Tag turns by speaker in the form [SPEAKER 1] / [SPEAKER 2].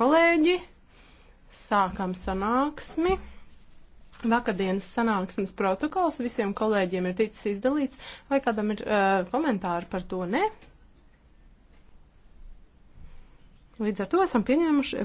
[SPEAKER 1] kolēģi, sākam sanāksmi. Vakardienas sanāksmes protokols visiem kolēģiem ir ticis izdalīts, vai kādam ir uh, komentāri par to, ne? Līdz ar to esam pieņēmuši